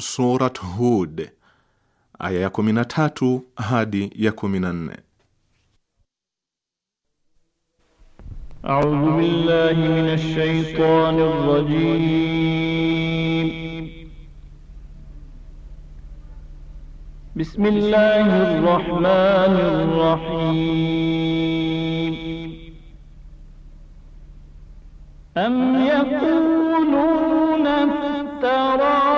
Surat Hud aya ya tatu hadi ya 14. A'udhu billahi minash shaitanir rajim. Bismillahir rahmanir rahim. Am yaquluna iftara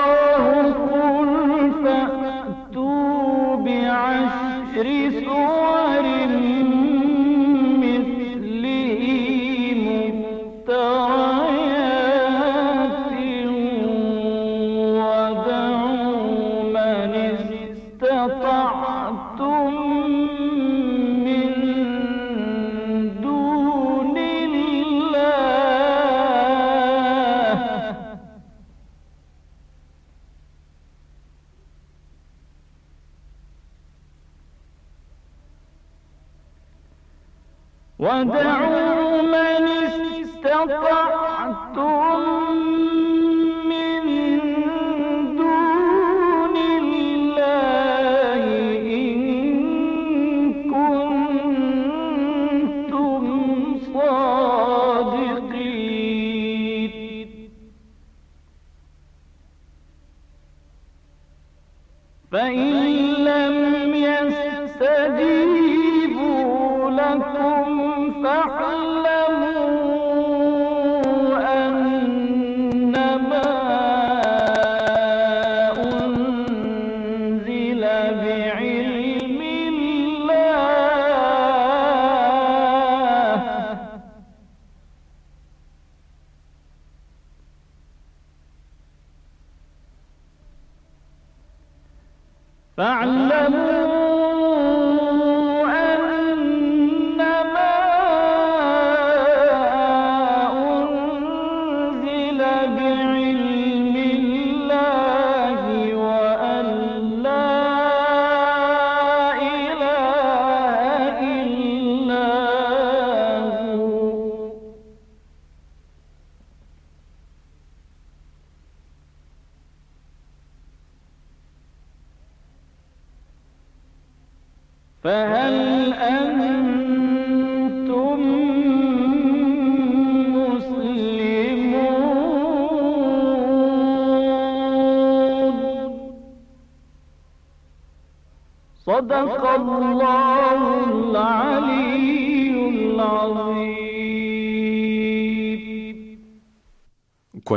فاعلموا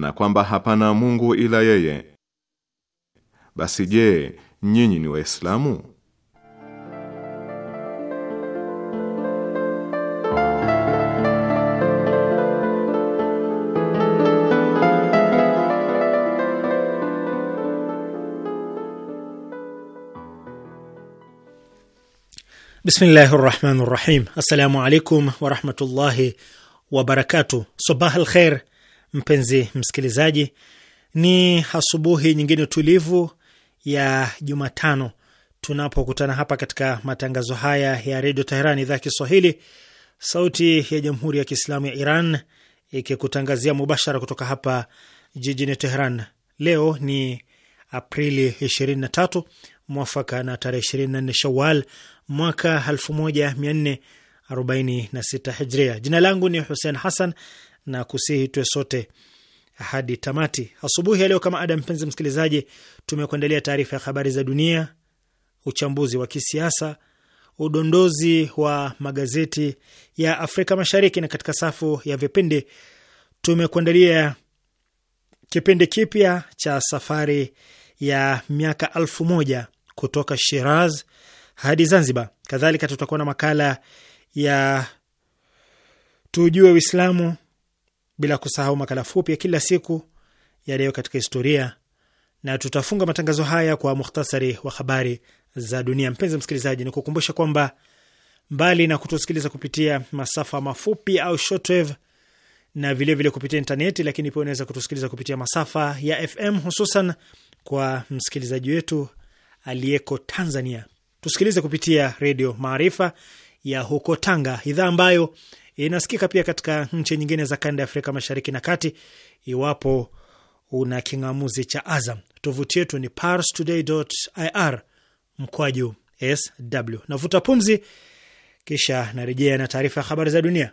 na kwamba hapana Mungu ila yeye. Basi je, nyinyi ni Waislamu? Bismillahi rahmani rahim. Assalamu alaikum warahmatullahi wabarakatuh. Sabah alkhair mpenzi msikilizaji, ni asubuhi nyingine tulivu ya Jumatano tunapokutana hapa katika matangazo haya ya redio Teheran, idhaa Kiswahili, sauti ya jamhuri ya kiislamu ya Iran, ikikutangazia mubashara kutoka hapa jijini Teheran. Leo ni Aprili 23 mwafaka na tarehe 24 Shawal mwaka 1446 Hijria. Jina langu ni Hussein Hassan na kusihi tuwe sote hadi tamati. Asubuhi ya leo, kama ada, mpenzi msikilizaji, tumekuandalia taarifa ya habari za dunia, uchambuzi wa kisiasa, udondozi wa magazeti ya Afrika Mashariki, na katika safu ya vipindi tumekuandalia kipindi kipya cha safari ya miaka alfu moja kutoka Shiraz hadi Zanzibar. Kadhalika tutakuwa na makala ya tujue Uislamu bila kusahau makala fupi ya kila siku ya leo katika historia, na tutafunga matangazo haya kwa muhtasari wa habari za dunia. Mpenzi msikilizaji, ni kukumbusha kwamba mbali na kutusikiliza kupitia masafa mafupi au shortwave na vilevile vile kupitia intaneti, lakini pia unaweza kutusikiliza kupitia masafa ya FM, hususan kwa msikilizaji wetu aliyeko Tanzania, tusikilize kupitia Redio Maarifa ya huko Tanga, idhaa ambayo Inasikika pia katika nchi nyingine za kanda ya Afrika Mashariki na Kati, iwapo una king'amuzi cha Azam. Tovuti yetu ni parstoday.ir mkwaju sw. Navuta pumzi, kisha narejea na taarifa ya habari za dunia.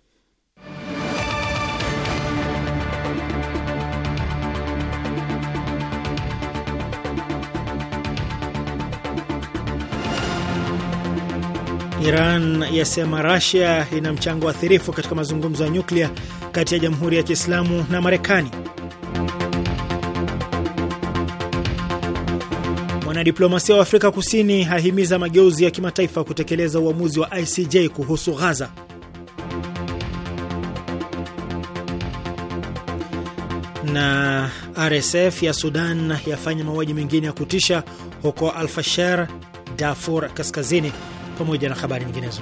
Iran yasema Rasia ina mchango athirifu katika mazungumzo ya nyuklia kati ya Jamhuri ya Kiislamu na Marekani. Mwanadiplomasia wa Afrika Kusini ahimiza mageuzi ya kimataifa kutekeleza uamuzi wa ICJ kuhusu Ghaza. Na RSF ya Sudan yafanya mauaji mengine ya kutisha huko alfasher dafur Darfur Kaskazini, pamoja na habari nyinginezo.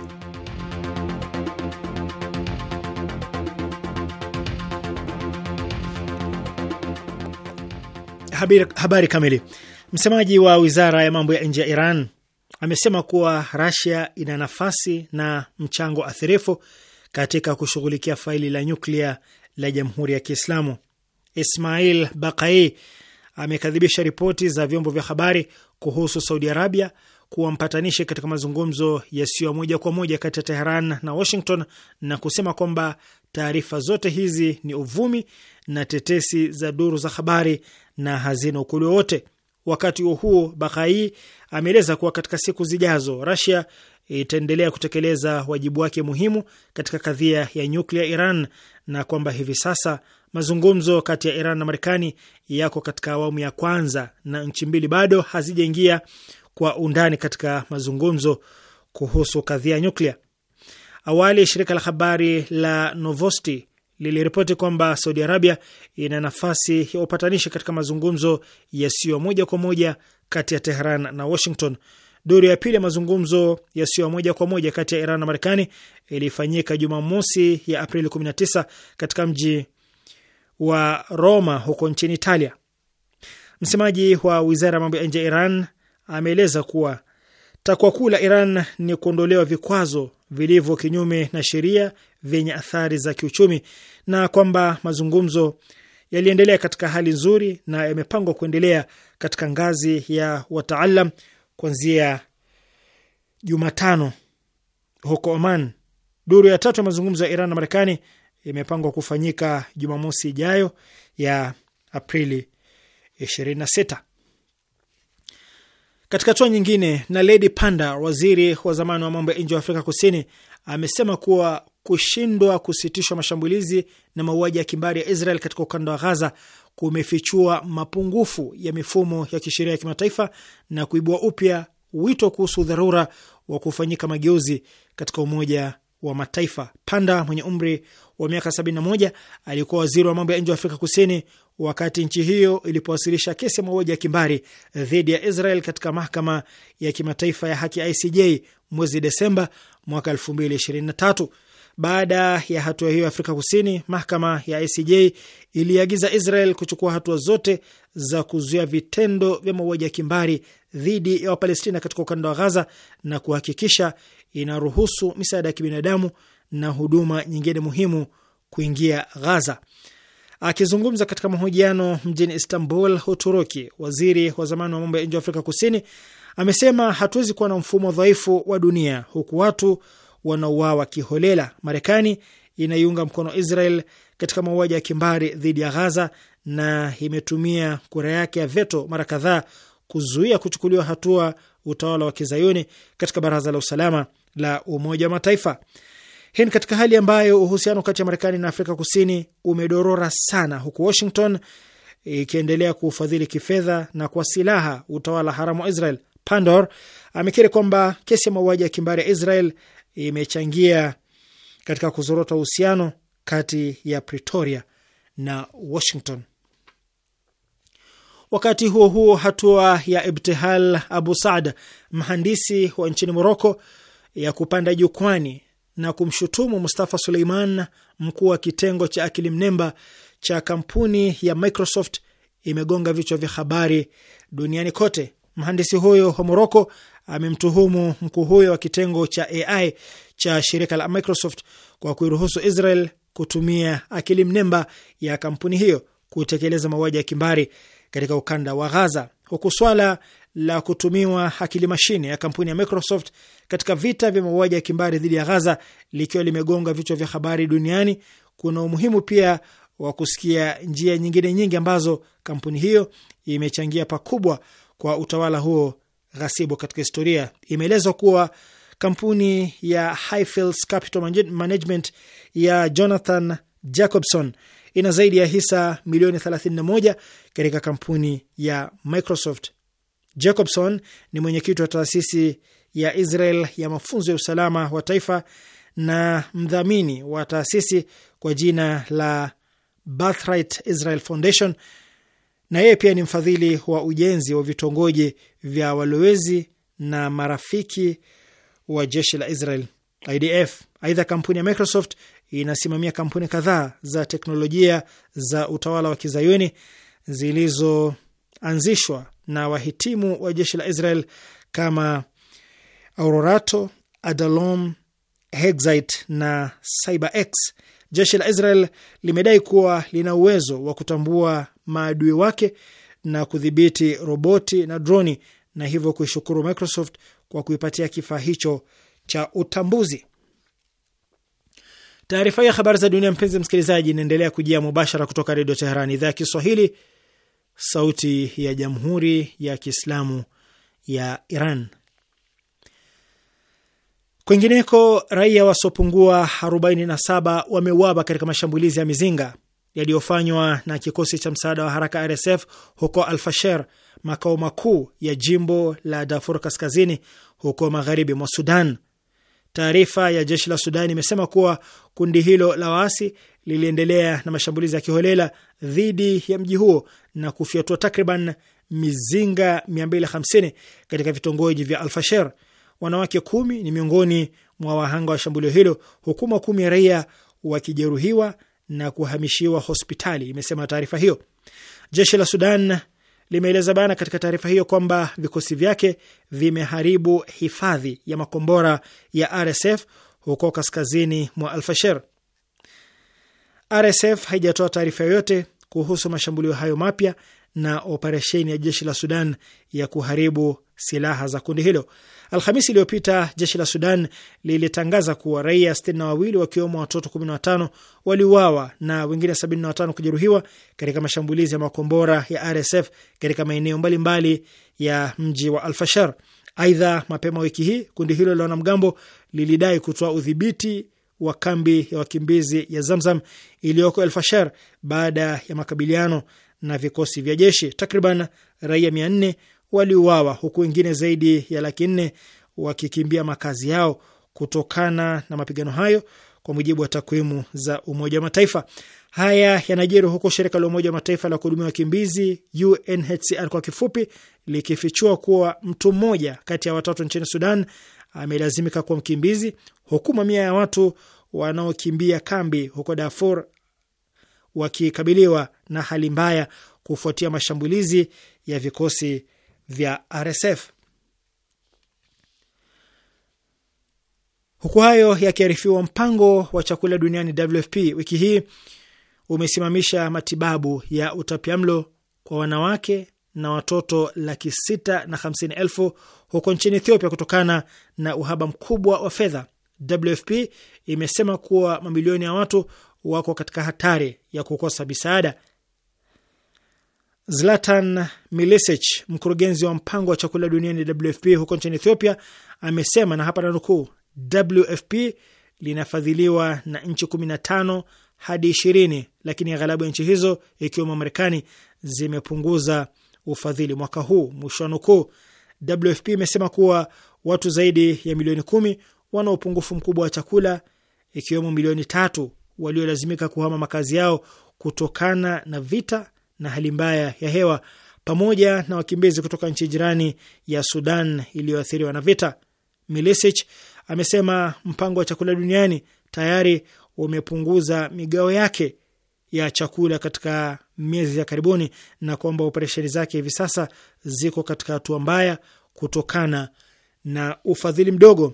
Habari, habari kamili. Msemaji wa wizara ya mambo ya nje ya Iran amesema kuwa Rasia ina nafasi na mchango athirifu katika kushughulikia faili la nyuklia la jamhuri ya Kiislamu. Ismail Bakai amekadhibisha ripoti za vyombo vya habari kuhusu Saudi Arabia kuwa mpatanishi katika mazungumzo yasiyo moja kwa moja kati ya Teheran na Washington na kusema kwamba taarifa zote hizi ni uvumi na tetesi za duru za habari na hazina ukweli wowote. Wakati huo huo, Bakai ameeleza kuwa katika siku zijazo Rasia itaendelea kutekeleza wajibu wake muhimu katika kadhia ya nyuklia Iran na kwamba hivi sasa mazungumzo kati ya Iran na Marekani yako katika awamu ya kwanza na nchi mbili bado hazijaingia kwa undani katika mazungumzo kuhusu kadhia ya nyuklia. Awali shirika la habari la Novosti liliripoti kwamba Saudi Arabia ina nafasi ya upatanishi katika mazungumzo yasiyo moja kwa moja kati ya Tehran na Washington. Duru ya pili ya mazungumzo yasiyo moja kwa moja kati ya Iran na Marekani ilifanyika Jumamosi ya Aprili 19 katika mji wa Roma huko nchini Italia. Msemaji wa wizara ya mambo ya nje ya Iran ameeleza kuwa takwa kuu la Iran ni kuondolewa vikwazo vilivyo kinyume na sheria vyenye athari za kiuchumi na kwamba mazungumzo yaliendelea katika hali nzuri na yamepangwa kuendelea katika ngazi ya wataalam kuanzia Jumatano huko Oman. Duru ya tatu ya mazungumzo ya Iran na Marekani imepangwa kufanyika Jumamosi ijayo ya Aprili 26. Katika hatua nyingine, Naledi Pandor, waziri wa zamani wa mambo ya nje wa Afrika Kusini, amesema kuwa kushindwa kusitishwa mashambulizi na mauaji ya kimbari ya Israel katika ukanda wa Ghaza kumefichua mapungufu ya mifumo ya kisheria ya kimataifa na kuibua upya wito kuhusu dharura wa kufanyika mageuzi katika Umoja wa Mataifa. Panda mwenye umri wa miaka 71 alikuwa waziri wa mambo ya nje wa Afrika Kusini wakati nchi hiyo ilipowasilisha kesi ya mauaji ya kimbari dhidi ya Israel katika mahakama ya kimataifa ya haki ICJ mwezi Desemba mwaka 2023. Baada ya hatua hiyo ya Afrika Kusini, mahakama ya ICJ iliagiza Israel kuchukua hatua zote za kuzuia vitendo vya mauaji ya kimbari dhidi ya Wapalestina katika ukanda wa Ghaza na kuhakikisha inaruhusu misaada ya kibinadamu na huduma nyingine muhimu kuingia Ghaza. Akizungumza katika mahojiano mjini Istanbul, Uturuki, waziri wa zamani wa mambo ya nje wa Afrika Kusini amesema hatuwezi kuwa na mfumo dhaifu wa dunia huku watu wanauawa kiholela. Marekani inaiunga mkono Israel katika mauaji ya kimbari dhidi ya Ghaza na imetumia kura yake ya veto mara kadhaa kuzuia kuchukuliwa hatua utawala wa kizayuni katika Baraza la Usalama la Umoja wa Mataifa. Hii ni katika hali ambayo uhusiano kati ya Marekani na Afrika Kusini umedorora sana, huku Washington ikiendelea kuufadhili kifedha na kwa silaha utawala haramu wa Israel. Pandor amekiri kwamba kesi ya mauaji ya kimbari ya Israel imechangia katika kuzorota uhusiano kati ya Pretoria na Washington. Wakati huo huo, hatua ya Ibtihal Abu Saad, mhandisi wa nchini Moroko, ya kupanda jukwani na kumshutumu Mustafa Suleiman, mkuu wa kitengo cha akili mnemba cha kampuni ya Microsoft imegonga vichwa vya habari duniani kote. Mhandisi huyo wa Moroko amemtuhumu mkuu huyo wa kitengo cha AI cha shirika la Microsoft kwa kuiruhusu Israel kutumia akili mnemba ya kampuni hiyo kutekeleza mauaji ya kimbari katika ukanda wa Ghaza, huku swala la kutumiwa akili mashine ya kampuni ya Microsoft katika vita vya mauaji ya kimbari dhidi ya Ghaza likiwa limegonga vichwa vya habari duniani, kuna umuhimu pia wa kusikia njia nyingine nyingi ambazo kampuni hiyo imechangia pakubwa kwa utawala huo ghasibu katika historia. Imeelezwa kuwa kampuni ya Highfields Capital Management ya Jonathan Jacobson ina zaidi ya hisa milioni 31 katika kampuni ya Microsoft. Jacobson ni mwenyekiti wa taasisi ya Israel ya mafunzo ya usalama wa taifa na mdhamini wa taasisi kwa jina la Birthright Israel Foundation, na yeye pia ni mfadhili wa ujenzi wa vitongoji vya walowezi na marafiki wa jeshi la Israel IDF. Aidha, kampuni ya Microsoft inasimamia kampuni kadhaa za teknolojia za utawala wa kizayuni zilizoanzishwa na wahitimu wa jeshi la Israel kama Aurorato, Adalom, Hexite na CyberX. Jeshi la Israel limedai kuwa lina uwezo wa kutambua maadui wake na kudhibiti roboti na droni na hivyo kuishukuru Microsoft kwa kuipatia kifaa hicho cha utambuzi. Taarifa ya habari za dunia, mpenzi msikilizaji, inaendelea kujia mubashara kutoka Redio Teherani, idhaa ya Kiswahili, sauti ya jamhuri ya Kiislamu ya Iran. Kwingineko, raia wasiopungua 47 wameuawa katika mashambulizi ya mizinga yaliyofanywa na kikosi cha msaada wa haraka RSF huko Alfasher, makao makuu ya jimbo la Darfur Kaskazini, huko magharibi mwa Sudan. Taarifa ya jeshi la Sudan imesema kuwa kundi hilo la waasi liliendelea na mashambulizi ya kiholela dhidi ya mji huo na kufyatua takriban mizinga 250 katika vitongoji vya Alfasher. Wanawake kumi ni miongoni mwa wahanga wa shambulio hilo, hukuma kumi ya raia wakijeruhiwa na kuhamishiwa hospitali, imesema taarifa hiyo. Jeshi la Sudan limeeleza bana katika taarifa hiyo kwamba vikosi vyake vimeharibu hifadhi ya makombora ya RSF huko kaskazini mwa Alfasher. RSF haijatoa taarifa yoyote kuhusu mashambulio hayo mapya na operesheni ya jeshi la Sudan ya kuharibu silaha za kundi hilo. Alhamisi iliyopita jeshi la Sudan lilitangaza kuwa raia sitini na wawili wakiwemo watoto 15 waliuawa na wengine 75 kujeruhiwa katika mashambulizi ya makombora ya RSF katika maeneo mbalimbali ya mji wa Alfashar. Aidha, mapema wiki hii kundi hilo la wanamgambo lilidai kutoa udhibiti wa kambi ya wakimbizi ya Zamzam iliyoko El Fasher baada ya makabiliano na vikosi vya jeshi. Takriban raia mia nne waliuawa huku wengine zaidi ya laki nne wakikimbia makazi yao kutokana na mapigano hayo, kwa mujibu wa takwimu za Umoja wa Mataifa. Haya yanajiri huku shirika la Umoja wa Mataifa la kuhudumia wakimbizi UNHCR kwa kifupi likifichua kuwa mtu mmoja kati ya watatu nchini Sudan amelazimika kuwa mkimbizi, huku mamia ya watu wanaokimbia kambi huko Darfur wakikabiliwa na hali mbaya kufuatia mashambulizi ya vikosi vya RSF. Huku hayo yakiarifiwa, mpango wa chakula duniani WFP wiki hii umesimamisha matibabu ya utapiamlo kwa wanawake na watoto laki sita na hamsini elfu huko nchini Ethiopia kutokana na uhaba mkubwa wa fedha. WFP imesema kuwa mamilioni ya watu wako katika hatari ya kukosa misaada. Zlatan Milesic, mkurugenzi wa mpango wa chakula duniani WFP huko nchini Ethiopia, amesema na hapa nanukuu, WFP linafadhiliwa na nchi 15 hadi 20, lakini aghalabu ya nchi hizo ikiwemo Marekani zimepunguza ufadhili mwaka huu, mwisho wa nukuu. WFP imesema kuwa watu zaidi ya milioni kumi wana upungufu mkubwa wa chakula, ikiwemo milioni tatu waliolazimika kuhama makazi yao kutokana na vita na hali mbaya ya hewa, pamoja na wakimbizi kutoka nchi jirani ya Sudan iliyoathiriwa na vita. Milisich amesema mpango wa chakula duniani tayari umepunguza migao yake ya chakula katika miezi ya karibuni na kwamba operesheni zake hivi sasa ziko katika hatua mbaya kutokana na ufadhili mdogo.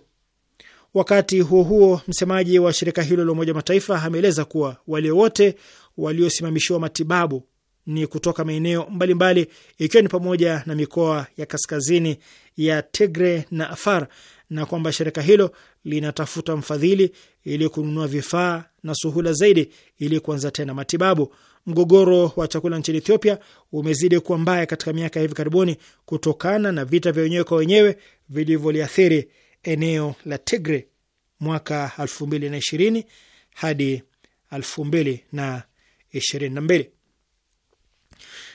Wakati huo huo, msemaji wa shirika hilo la Umoja Mataifa ameeleza kuwa wale wote waliosimamishiwa matibabu ni kutoka maeneo mbalimbali ikiwa ni pamoja na mikoa ya kaskazini ya Tigre na Afar na kwamba shirika hilo linatafuta mfadhili ili kununua vifaa na suhula zaidi ili kuanza tena matibabu. Mgogoro wa chakula nchini Ethiopia umezidi kuwa mbaya katika miaka ya hivi karibuni kutokana na vita vya wenyewe kwa wenyewe vilivyoliathiri eneo la Tigre mwaka 2020 hadi 2022.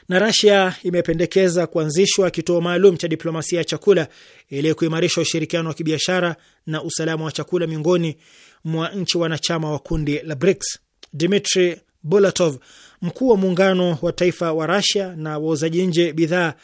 Na Rasia imependekeza kuanzishwa kituo maalum cha diplomasia ya chakula ili kuimarisha ushirikiano wa kibiashara na usalama wa chakula miongoni mwa nchi wanachama wa kundi la BRICS. Dmitri Bulatov, mkuu wa muungano wa taifa wa Rasia na wauzaji nje bidhaa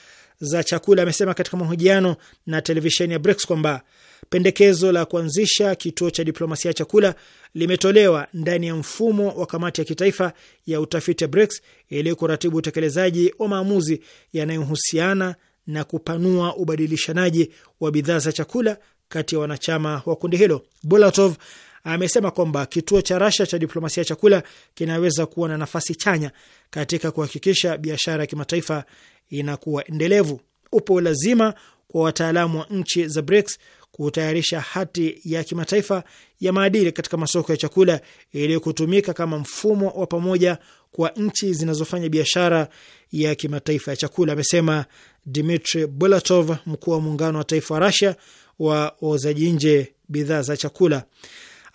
za chakula, amesema katika mahojiano na televisheni ya BRICS kwamba pendekezo la kuanzisha kituo cha diplomasia ya chakula limetolewa ndani ya mfumo wa kamati ya kitaifa ya utafiti ya BRICS ili kuratibu utekelezaji wa maamuzi yanayohusiana na kupanua ubadilishanaji wa bidhaa za chakula kati ya wanachama wa kundi hilo. Bulatov amesema kwamba kituo cha Rasha cha diplomasia ya chakula kinaweza kuwa na nafasi chanya katika kuhakikisha biashara ya kimataifa inakuwa endelevu. Upo lazima kwa wataalamu wa nchi za BRICS kutayarisha hati ya kimataifa ya maadili katika masoko ya chakula ili kutumika kama mfumo wa pamoja kwa nchi zinazofanya biashara ya kimataifa ya chakula, amesema Dmitri Bolatov, mkuu wa muungano wa taifa wa Rasia wa wauzaji nje bidhaa za chakula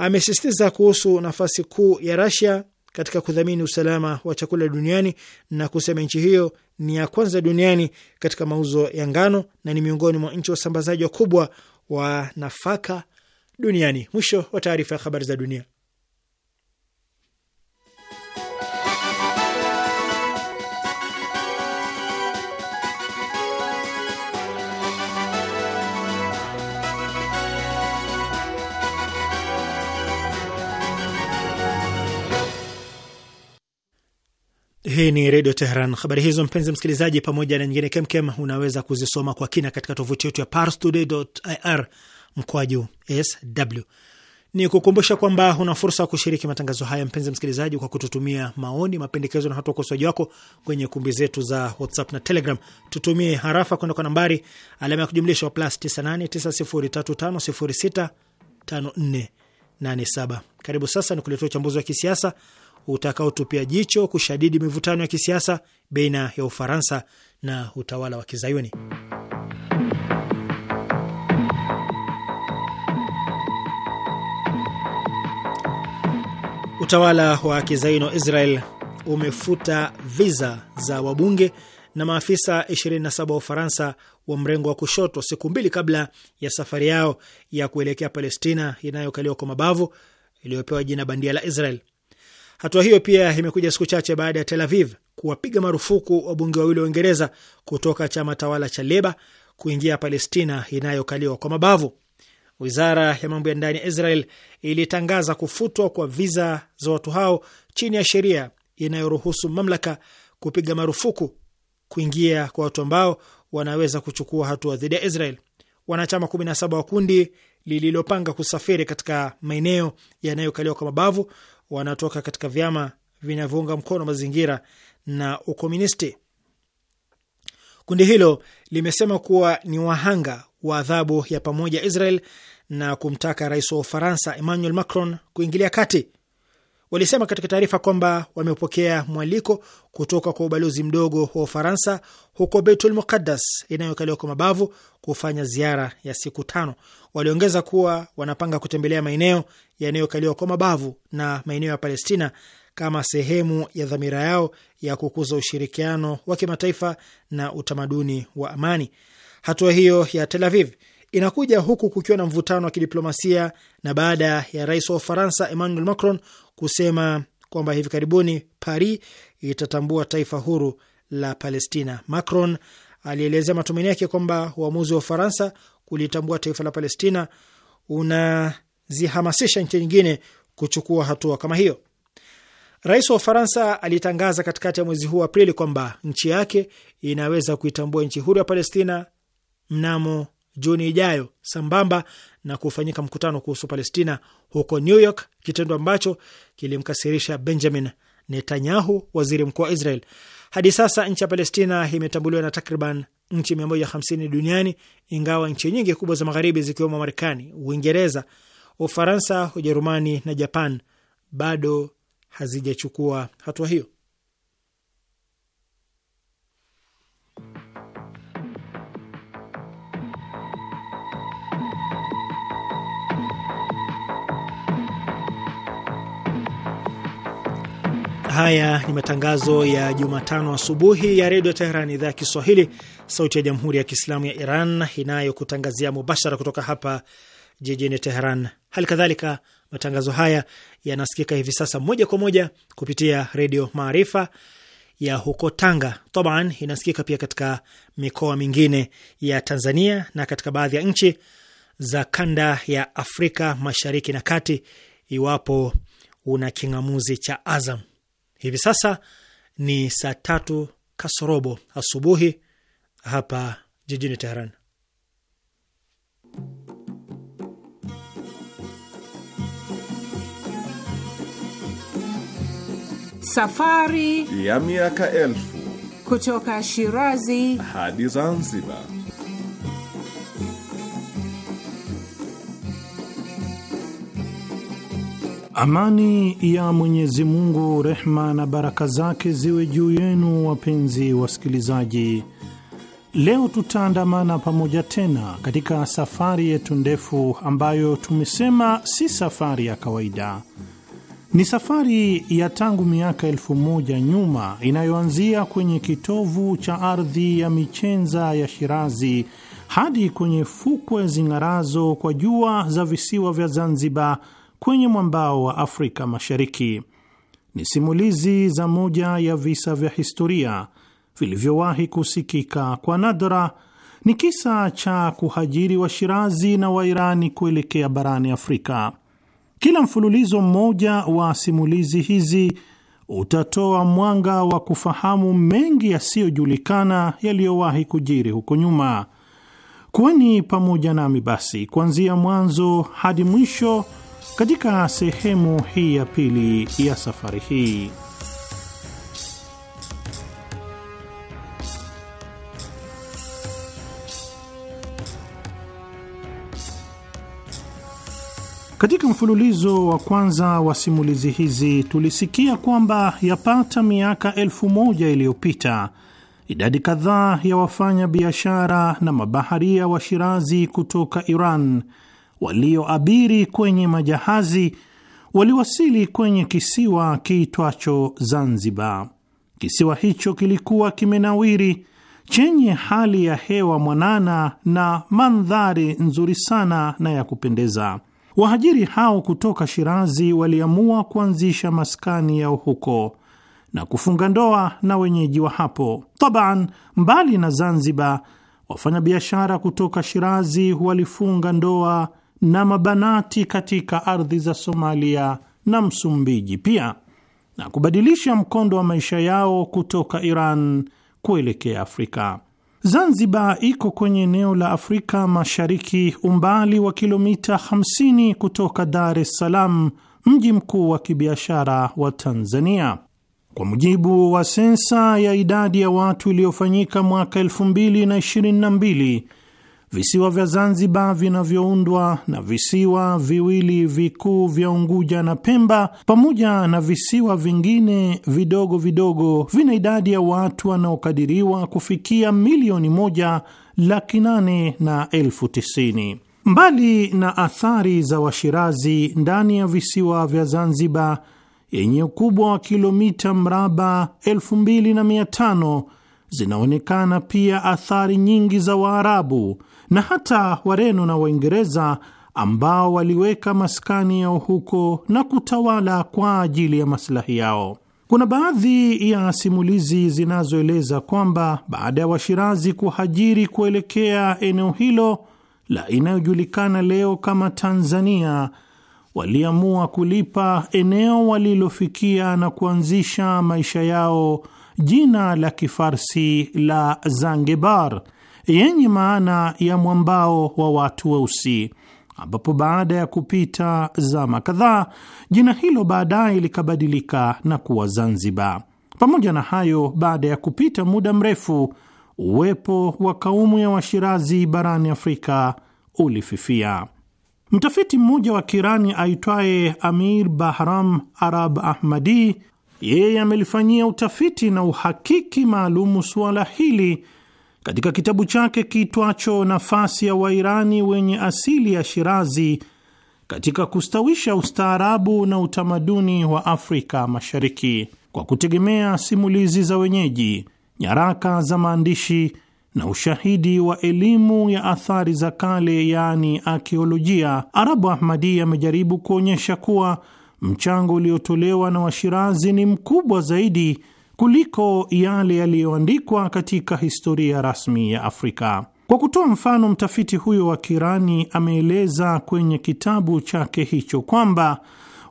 amesisitiza kuhusu nafasi kuu ya Rasia katika kudhamini usalama wa chakula duniani na kusema nchi hiyo ni ya kwanza duniani katika mauzo ya ngano na ni miongoni mwa nchi wasambazaji wakubwa wa nafaka duniani. Mwisho wa taarifa ya habari za dunia. Hii ni Redio Teheran. Habari hizo mpenzi msikilizaji, pamoja na nyingine kemkem, unaweza kuzisoma kwa kina katika tovuti yetu ya parstoday.ir mkoaju sw. Ni kukumbusha kwamba una fursa ya kushiriki matangazo haya, mpenzi msikilizaji, kwa kututumia maoni, mapendekezo na hata ukosoaji wako kwenye kumbi zetu za WhatsApp na Telegram. Tutumie harafa kwenda kwa nambari alama ya kujumlisha plus 989035065487. Karibu sasa ni kuletea uchambuzi wa kisiasa utakaotupia jicho kushadidi mivutano ya kisiasa baina ya Ufaransa na utawala wa Kizayuni. Utawala wa Kizayuni wa Israel umefuta viza za wabunge na maafisa 27 wa Ufaransa wa mrengo wa kushoto siku mbili kabla ya safari yao ya kuelekea Palestina inayokaliwa kwa mabavu iliyopewa jina bandia la Israel. Hatua hiyo pia imekuja siku chache baada ya Tel Aviv kuwapiga marufuku wabunge wawili wa Uingereza kutoka chama tawala cha Leba kuingia Palestina inayokaliwa kwa mabavu. Wizara ya mambo ya ndani ya Israel ilitangaza kufutwa kwa viza za watu hao chini ya sheria inayoruhusu mamlaka kupiga marufuku kuingia kwa watu ambao wanaweza kuchukua hatua dhidi ya Israel. Wanachama 17 wa kundi lililopanga kusafiri katika maeneo yanayokaliwa kwa mabavu wanatoka katika vyama vinavyounga mkono mazingira na ukomunisti. Kundi hilo limesema kuwa ni wahanga wa adhabu ya pamoja Israel na kumtaka rais wa Ufaransa Emmanuel Macron kuingilia kati. Walisema katika taarifa kwamba wamepokea mwaliko kutoka kwa ubalozi mdogo wa Ufaransa huko Beitul Muqaddas inayokaliwa kwa mabavu kufanya ziara ya siku tano. Waliongeza kuwa wanapanga kutembelea maeneo yanayokaliwa kwa mabavu na maeneo ya Palestina kama sehemu ya dhamira yao ya kukuza ushirikiano wa kimataifa na utamaduni wa amani. Hatua hiyo ya Tel Aviv inakuja huku kukiwa na mvutano wa kidiplomasia na baada ya rais wa Ufaransa Emmanuel Macron kusema kwamba hivi karibuni Paris itatambua taifa huru la Palestina. Macron alielezea matumaini yake kwamba uamuzi wa Ufaransa kulitambua taifa la Palestina una zihamasisha nchi nyingine kuchukua hatua kama hiyo. Rais wa Ufaransa alitangaza katikati ya mwezi huu Aprili kwamba nchi yake inaweza kuitambua nchi huru ya Palestina mnamo Juni ijayo, sambamba na kufanyika mkutano kuhusu Palestina huko New York, kitendo ambacho kilimkasirisha Benjamin Netanyahu, waziri mkuu wa Israel. Hadi sasa nchi ya Palestina imetambuliwa na takriban nchi 150 duniani, ingawa nchi nyingi kubwa za magharibi zikiwemo Marekani, Uingereza Ufaransa, Ujerumani na Japan bado hazijachukua hatua hiyo. Haya ni matangazo ya Jumatano asubuhi ya redio Teheran, idhaa ya Kiswahili, sauti ya jamhuri ya kiislamu ya Iran, inayokutangazia mubashara kutoka hapa jijini Teheran. Hali kadhalika matangazo haya yanasikika hivi sasa moja kwa moja kupitia Redio Maarifa ya huko Tanga. Taban inasikika pia katika mikoa mingine ya Tanzania na katika baadhi ya nchi za kanda ya Afrika Mashariki na Kati, iwapo una king'amuzi cha Azam. Hivi sasa ni saa tatu kasorobo asubuhi hapa jijini Teheran. Safari ya miaka elfu kutoka Shirazi hadi Zanzibar. Amani ya Mwenyezi Mungu, rehma na baraka zake ziwe juu yenu, wapenzi wasikilizaji. Leo tutaandamana pamoja tena katika safari yetu ndefu ambayo tumesema si safari ya kawaida ni safari ya tangu miaka elfu moja nyuma inayoanzia kwenye kitovu cha ardhi ya michenza ya Shirazi hadi kwenye fukwe zing'arazo kwa jua za visiwa vya Zanzibar kwenye mwambao wa Afrika Mashariki. Ni simulizi za moja ya visa vya historia vilivyowahi kusikika kwa nadra. Ni kisa cha kuhajiri Washirazi na Wairani kuelekea barani Afrika. Kila mfululizo mmoja wa simulizi hizi utatoa mwanga wa kufahamu mengi yasiyojulikana yaliyowahi kujiri huko nyuma. kweni pamoja nami basi kuanzia mwanzo hadi mwisho katika sehemu hii ya pili ya safari hii. Katika mfululizo wa kwanza wa simulizi hizi tulisikia kwamba yapata miaka elfu moja iliyopita idadi kadhaa ya wafanya biashara na mabaharia wa Shirazi kutoka Iran walioabiri kwenye majahazi waliwasili kwenye kisiwa kiitwacho Zanzibar. Kisiwa hicho kilikuwa kimenawiri, chenye hali ya hewa mwanana na mandhari nzuri sana na ya kupendeza. Wahajiri hao kutoka Shirazi waliamua kuanzisha maskani yao huko na kufunga ndoa na wenyeji wa hapo. Taban, mbali na Zanzibar, wafanyabiashara kutoka Shirazi walifunga ndoa na mabanati katika ardhi za Somalia na Msumbiji pia na kubadilisha mkondo wa maisha yao kutoka Iran kuelekea Afrika. Zanzibar iko kwenye eneo la Afrika Mashariki, umbali wa kilomita 50 kutoka Dar es Salaam, mji mkuu wa kibiashara wa Tanzania. Kwa mujibu wa sensa ya idadi ya watu iliyofanyika mwaka 2022 Visiwa vya Zanzibar vinavyoundwa na visiwa viwili vikuu vya Unguja na Pemba pamoja na visiwa vingine vidogo vidogo vina idadi ya watu wanaokadiriwa kufikia milioni moja laki nane na elfu tisini. Mbali na athari za Washirazi ndani ya visiwa vya Zanzibar yenye ukubwa wa kilomita mraba 25 zinaonekana pia athari nyingi za Waarabu na hata Wareno na Waingereza ambao waliweka maskani yao huko na kutawala kwa ajili ya maslahi yao. Kuna baadhi ya simulizi zinazoeleza kwamba baada ya Washirazi kuhajiri kuelekea eneo hilo la inayojulikana leo kama Tanzania, waliamua kulipa eneo walilofikia na kuanzisha maisha yao jina la Kifarsi la Zangebar yenye maana ya mwambao wa watu weusi wa ambapo baada ya kupita zama kadhaa jina hilo baadaye likabadilika na kuwa Zanzibar. Pamoja na hayo, baada ya kupita muda mrefu uwepo wa kaumu ya Washirazi barani Afrika ulififia. Mtafiti mmoja wa Kirani aitwaye Amir Bahram Arab Ahmadi, yeye amelifanyia utafiti na uhakiki maalumu suala hili katika kitabu chake kiitwacho Nafasi ya Wairani wenye asili ya Shirazi katika kustawisha ustaarabu na utamaduni wa Afrika Mashariki kwa kutegemea simulizi za wenyeji, nyaraka za maandishi na ushahidi wa elimu ya athari za kale, yaani akeolojia Arabu Ahmadi amejaribu kuonyesha kuwa mchango uliotolewa na Washirazi ni mkubwa zaidi kuliko yale yaliyoandikwa katika historia rasmi ya Afrika. Kwa kutoa mfano, mtafiti huyo wa Kirani ameeleza kwenye kitabu chake hicho kwamba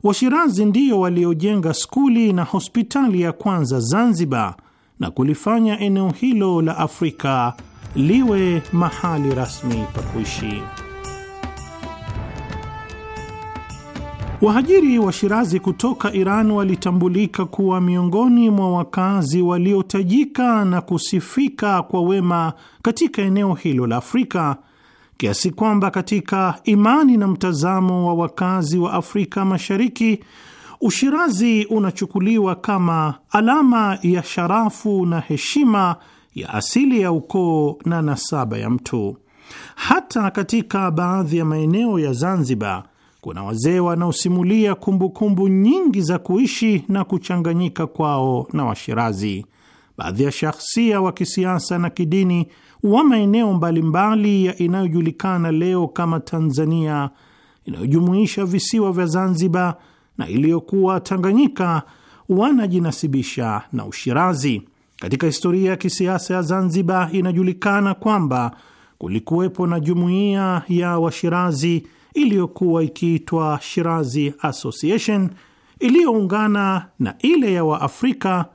Washirazi ndiyo waliojenga skuli na hospitali ya kwanza Zanzibar na kulifanya eneo hilo la Afrika liwe mahali rasmi pa kuishi. Wahajiri wa Shirazi kutoka Iran walitambulika kuwa miongoni mwa wakazi waliotajika na kusifika kwa wema katika eneo hilo la Afrika kiasi kwamba katika imani na mtazamo wa wakazi wa Afrika Mashariki Ushirazi unachukuliwa kama alama ya sharafu na heshima ya asili ya ukoo na nasaba ya mtu. Hata katika baadhi ya maeneo ya Zanzibar kuna wazee wanaosimulia kumbukumbu nyingi za kuishi na kuchanganyika kwao na Washirazi. Baadhi ya shahsia wa kisiasa na kidini wa maeneo mbalimbali ya inayojulikana leo kama Tanzania inayojumuisha visiwa vya Zanzibar na iliyokuwa Tanganyika wanajinasibisha na Ushirazi. Katika historia ya kisiasa ya Zanzibar inajulikana kwamba kulikuwepo na jumuiya ya Washirazi iliyokuwa ikiitwa Shirazi Association iliyoungana na ile ya Waafrika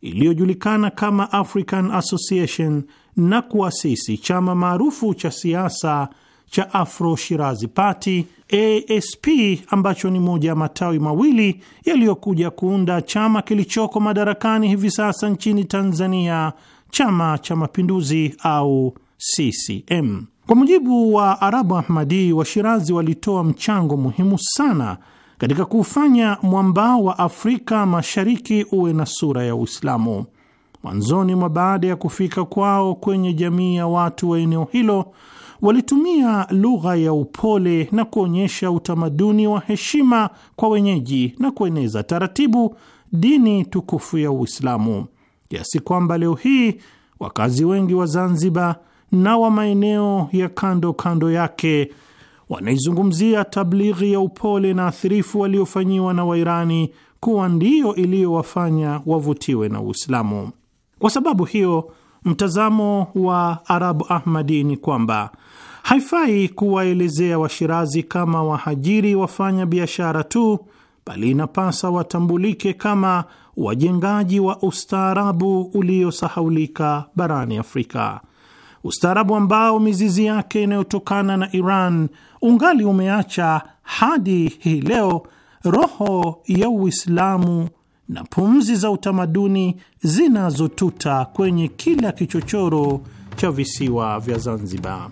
iliyojulikana kama African Association na kuasisi chama maarufu cha siasa cha Afro Shirazi Party ASP ambacho ni moja ya matawi mawili yaliyokuja kuunda chama kilichoko madarakani hivi sasa nchini Tanzania, Chama cha Mapinduzi au CCM. Kwa mujibu wa Arabu Ahmadi, Washirazi walitoa mchango muhimu sana katika kuufanya mwambao wa Afrika Mashariki uwe na sura ya Uislamu. Mwanzoni mwa baada ya kufika kwao kwenye jamii ya watu wa eneo hilo, walitumia lugha ya upole na kuonyesha utamaduni wa heshima kwa wenyeji na kueneza taratibu dini tukufu ya Uislamu, kiasi kwamba leo hii wakazi wengi wa Zanzibar na wa maeneo ya kando kando yake wanaizungumzia tablighi ya upole na athirifu waliofanyiwa na Wairani kuwa ndiyo iliyowafanya wavutiwe na Uislamu. Kwa sababu hiyo, mtazamo wa Arabu Ahmadi ni kwamba haifai kuwaelezea Washirazi kama wahajiri wafanya biashara tu, bali inapasa watambulike kama wajengaji wa ustaarabu uliosahaulika barani Afrika ustaarabu ambao mizizi yake inayotokana na Iran ungali umeacha hadi hii leo roho ya Uislamu na pumzi za utamaduni zinazotuta kwenye kila kichochoro cha visiwa vya Zanzibar.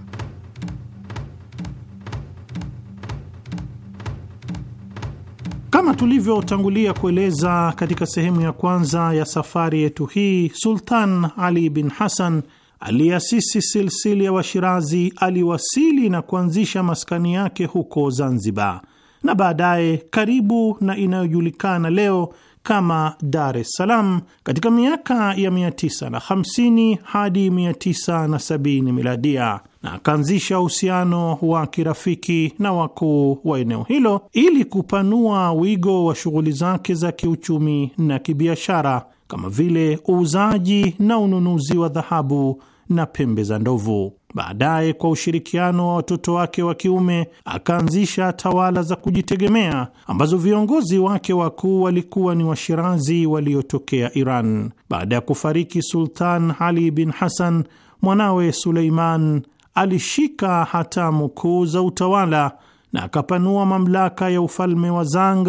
Kama tulivyotangulia kueleza katika sehemu ya kwanza ya safari yetu hii, Sultan Ali bin Hassan aliyeasisi silsili ya Washirazi aliwasili na kuanzisha maskani yake huko Zanzibar na baadaye karibu na inayojulikana leo kama Dar es Salaam katika miaka ya 950 hadi 970 miladia, na akaanzisha uhusiano wa kirafiki na wakuu wa eneo hilo ili kupanua wigo wa shughuli zake za kiuchumi na kibiashara kama vile uuzaji na ununuzi wa dhahabu na pembe za ndovu. Baadaye, kwa ushirikiano wa watoto wake wa kiume, akaanzisha tawala za kujitegemea ambazo viongozi wake wakuu walikuwa ni Washirazi waliotokea Iran. Baada ya kufariki Sultan Ali bin Hassan, mwanawe Suleiman alishika hatamu kuu za utawala na akapanua mamlaka ya ufalme wa Zang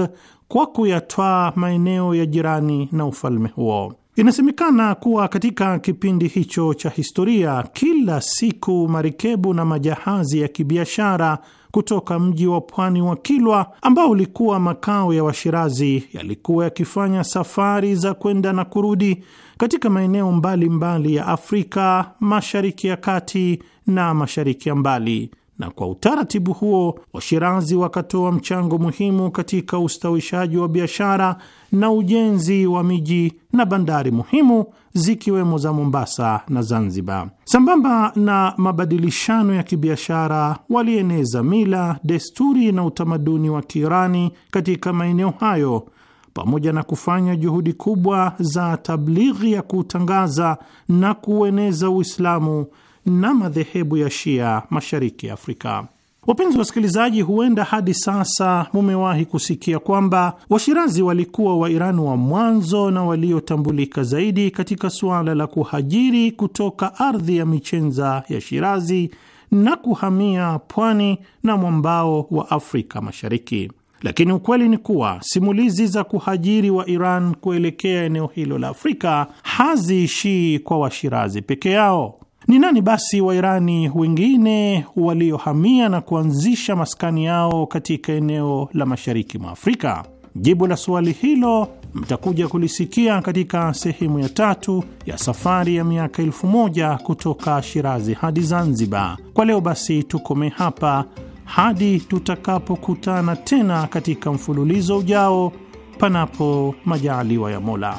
kwa kuyatwaa maeneo ya jirani na ufalme huo. Inasemekana kuwa katika kipindi hicho cha historia, kila siku marekebu na majahazi ya kibiashara kutoka mji wa pwani wa Kilwa ambao ulikuwa makao ya Washirazi yalikuwa yakifanya safari za kwenda na kurudi katika maeneo mbalimbali mbali ya Afrika, Mashariki ya Kati na Mashariki ya Mbali na kwa utaratibu huo Washirazi wakatoa mchango muhimu katika ustawishaji wa biashara na ujenzi wa miji na bandari muhimu zikiwemo za Mombasa na Zanzibar. Sambamba na mabadilishano ya kibiashara, walieneza mila, desturi na utamaduni wa Kiirani katika maeneo hayo pamoja na kufanya juhudi kubwa za tablighi ya kuutangaza na kuueneza Uislamu na madhehebu ya Shia mashariki Afrika. Wapenzi wasikilizaji, huenda hadi sasa mumewahi kusikia kwamba Washirazi walikuwa Wairani wa mwanzo na waliotambulika zaidi katika suala la kuhajiri kutoka ardhi ya michenza ya Shirazi na kuhamia pwani na mwambao wa Afrika Mashariki. Lakini ukweli ni kuwa simulizi za kuhajiri wa Iran kuelekea eneo hilo la Afrika haziishii kwa Washirazi peke yao. Ni nani basi Wairani wengine waliohamia na kuanzisha maskani yao katika eneo la mashariki mwa Afrika? Jibu la suali hilo mtakuja kulisikia katika sehemu ya tatu ya safari ya miaka elfu moja kutoka Shirazi hadi Zanzibar. Kwa leo basi tukome hapa hadi tutakapokutana tena katika mfululizo ujao, panapo majaaliwa ya Mola.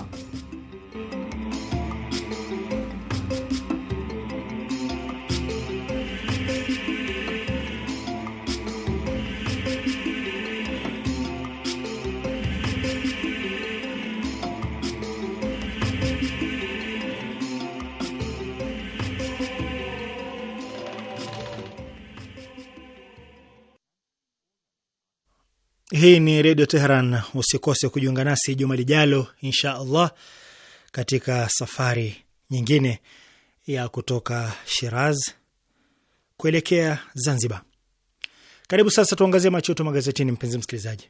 Hii ni Redio Teheran. Usikose kujiunga nasi juma lijalo, insha Allah, katika safari nyingine ya kutoka Shiraz kuelekea Zanzibar. Karibu sasa, tuangazie macho yetu magazetini, mpenzi msikilizaji.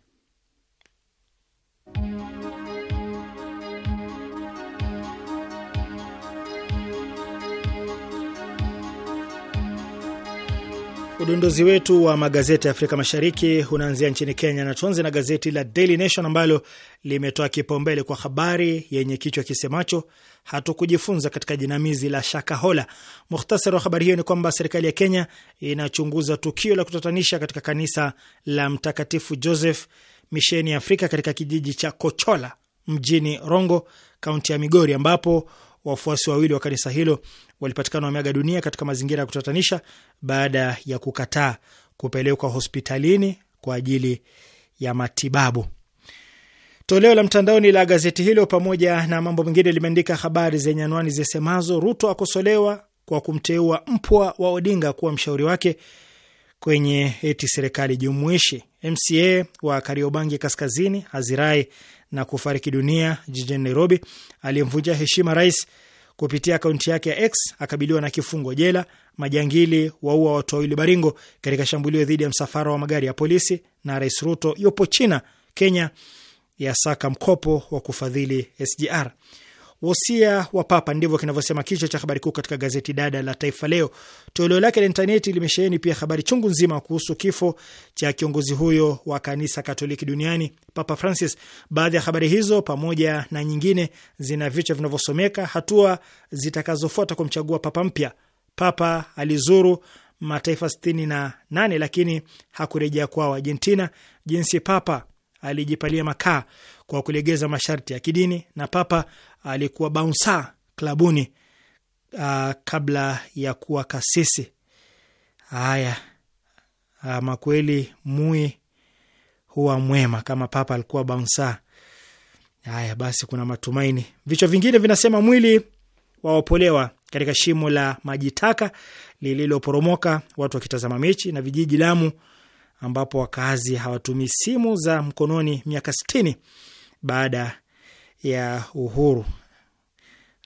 Udondozi wetu wa magazeti ya Afrika Mashariki unaanzia nchini Kenya na tuanze na gazeti la Daily Nation ambalo limetoa kipaumbele kwa habari yenye kichwa kisemacho hatukujifunza katika jinamizi la Shakahola. Muhtasari wa habari hiyo ni kwamba serikali ya Kenya inachunguza tukio la kutatanisha katika kanisa la Mtakatifu Joseph Misheni ya Afrika katika kijiji cha Kochola mjini Rongo, kaunti ya Migori, ambapo wafuasi wawili wa kanisa hilo walipatikana wameaga dunia katika mazingira ya kutatanisha baada ya kukataa kupelekwa hospitalini kwa ajili ya matibabu. Toleo la mtandaoni la gazeti hilo pamoja na mambo mengine limeandika habari zenye anwani zisemazo Ruto akosolewa kwa kumteua mpwa wa Odinga kuwa mshauri wake kwenye eti serikali jumuishi. MCA wa Kariobangi Kaskazini hazirai na kufariki dunia jijini Nairobi, aliyemvunja heshima rais kupitia akaunti yake ya X akabiliwa na kifungo jela, majangili waua watu wawili Baringo katika shambulio dhidi ya msafara wa magari ya polisi, na Rais Ruto yupo China. Kenya yasaka mkopo wa kufadhili SGR. Wosia wa Papa, ndivyo kinavyosema kichwa cha habari kuu katika gazeti dada la Taifa Leo. Toleo lake la intaneti limesheheni pia habari chungu nzima kuhusu kifo cha kiongozi huyo wa kanisa Katoliki duniani, Papa Francis. Baadhi ya habari hizo pamoja na nyingine zina vichwa vinavyosomeka: hatua zitakazofuata kumchagua papa mpya, papa alizuru mataifa sitini na nane lakini hakurejea kwao, Argentina, jinsi papa alijipalia makaa kwa kulegeza masharti ya kidini, na Papa alikuwa bouncer klabuni uh, kabla ya kuwa kasisi. Haya, ama kweli mui huwa mwema kama Papa alikuwa bouncer. Haya basi, kuna matumaini. Vichwa vingine vinasema mwili waopolewa katika shimo la maji taka lililoporomoka, watu wakitazama mechi, na vijiji Lamu ambapo wakazi hawatumii simu za mkononi miaka sitini baada ya uhuru.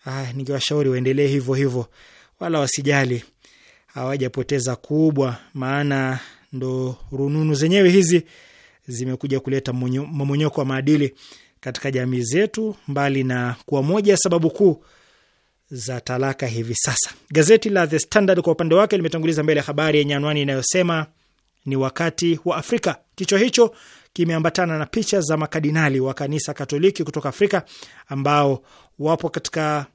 Ah, ningewashauri waendelee hivyo hivyo, wala wasijali, hawajapoteza kubwa, maana ndo rununu zenyewe hizi zimekuja kuleta mmomonyoko wa maadili katika jamii zetu, mbali na kuwa moja ya sababu kuu za talaka hivi sasa. Gazeti la The Standard kwa upande wake limetanguliza mbele habari yenye anwani inayosema ni wakati wa Afrika. Kichwa hicho kimeambatana na picha za makadinali wa kanisa Katoliki kutoka Afrika ambao wapo katika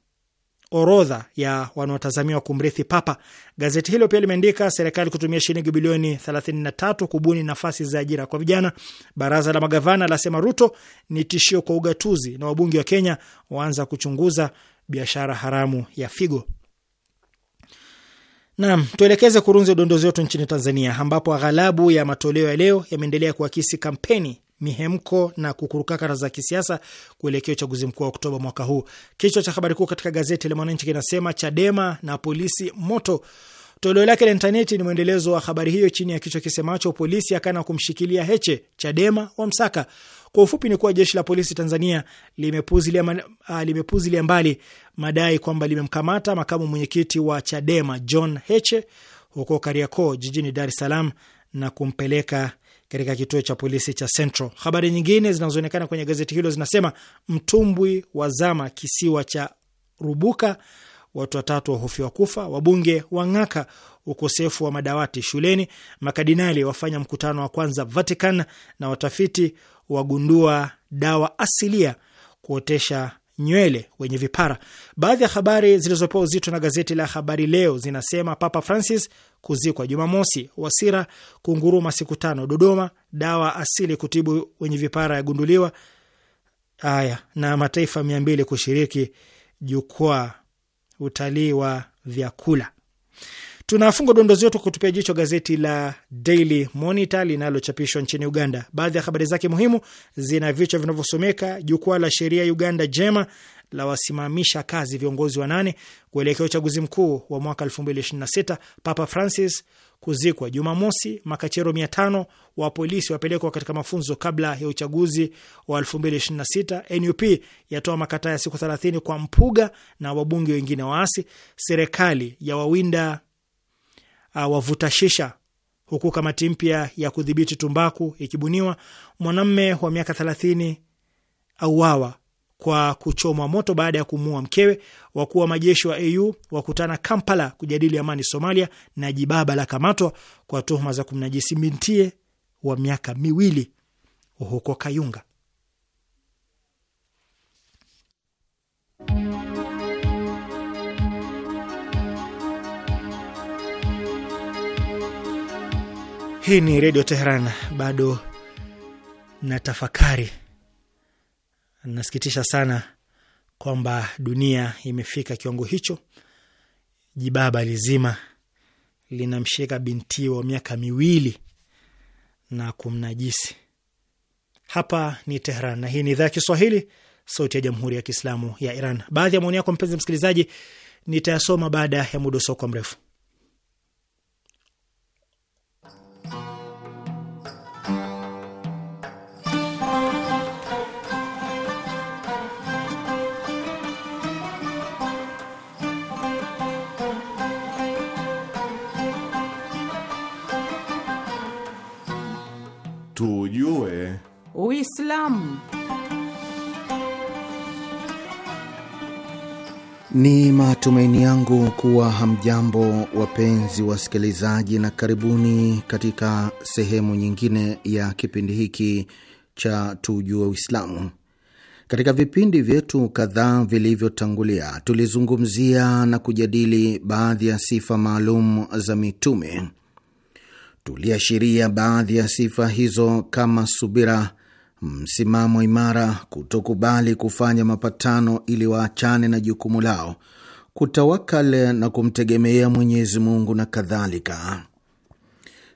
orodha ya wanaotazamiwa kumrithi Papa. Gazeti hilo pia limeandika serikali kutumia shilingi bilioni 33 kubuni nafasi za ajira kwa vijana. Baraza la magavana lasema Ruto ni tishio kwa ugatuzi, na wabunge wa Kenya waanza kuchunguza biashara haramu ya figo. Naam, tuelekeze kurunzi udondozi wetu nchini Tanzania, ambapo aghalabu ya matoleo ya leo yameendelea kuakisi kampeni, mihemko na kukurukakara za kisiasa kuelekea uchaguzi mkuu wa Oktoba mwaka huu. Kichwa cha habari kuu katika gazeti la Mwananchi kinasema Chadema na polisi moto. Toleo lake la intaneti ni mwendelezo wa habari hiyo chini ya kichwa kisemacho polisi akana kumshikilia Heche, Chadema wamsaka. Kwa ufupi ni kuwa jeshi la polisi Tanzania limepuzilia man, ah, limepuzilia mbali madai kwamba limemkamata makamu mwenyekiti wa Chadema John Heche huko Kariakoo jijini Dar es Salaam na kumpeleka katika kituo cha polisi cha Central. Habari nyingine zinazoonekana kwenye gazeti hilo zinasema mtumbwi wa zama kisiwa cha Rubuka, watu watatu wahofiwa kufa, wabunge wang'aka ukosefu wa madawati shuleni, makadinali wafanya mkutano wa kwanza Vatican, na watafiti wagundua dawa asilia kuotesha nywele wenye vipara. Baadhi ya habari zilizopewa uzito na gazeti la Habari Leo zinasema Papa Francis kuzikwa Jumamosi, Wasira kunguruma siku tano Dodoma, dawa asili kutibu wenye vipara yagunduliwa. Haya, na mataifa mia mbili kushiriki jukwaa utalii wa vyakula. Tunafunga dondozi wetu kutupia jicho gazeti la Daily Monitor linalochapishwa nchini Uganda. Baadhi ya habari zake muhimu zina vichwa vinavyosomeka: jukwaa la sheria Uganda jema la wasimamisha kazi viongozi nane kuelekea uchaguzi mkuu wa mwaka 2026, Papa Francis kuzikwa Jumamosi, makachero 500 wa polisi wapelekwa katika mafunzo kabla ya uchaguzi wa 2026, NUP yatoa makataa ya siku 30 kwa Mpuga na wabunge wengine waasi, serikali ya wawinda Uh, wavuta shisha. Huku kamati mpya ya kudhibiti tumbaku ikibuniwa, mwanamme wa miaka thelathini auawa kwa kuchomwa moto baada ya kumuua mkewe. Wakuu wa majeshi wa AU wakutana Kampala kujadili amani Somalia, na Jibaba la kamatwa kwa tuhuma za kumnajisi bintie wa miaka miwili huko Kayunga. Hii ni Redio Teheran. Bado na tafakari, nasikitisha sana kwamba dunia imefika kiwango hicho. Jibaba lizima linamshika binti wa miaka miwili na kumnajisi. Hapa ni Teheran na hii ni idhaa ya Kiswahili, sauti ya jamhuri ya kiislamu ya Iran. Baadhi ya maoni yako mpenzi msikilizaji nitayasoma baada ya muda usiokuwa mrefu. tujue Uislamu Ni matumaini yangu kuwa hamjambo, wapenzi wasikilizaji, na karibuni katika sehemu nyingine ya kipindi hiki cha tujue Uislamu. Katika vipindi vyetu kadhaa vilivyotangulia, tulizungumzia na kujadili baadhi ya sifa maalum za mitume Tuliashiria baadhi ya sifa hizo kama subira, msimamo imara, kutokubali kufanya mapatano ili waachane na jukumu lao, kutawakal na kumtegemea Mwenyezi Mungu na kadhalika.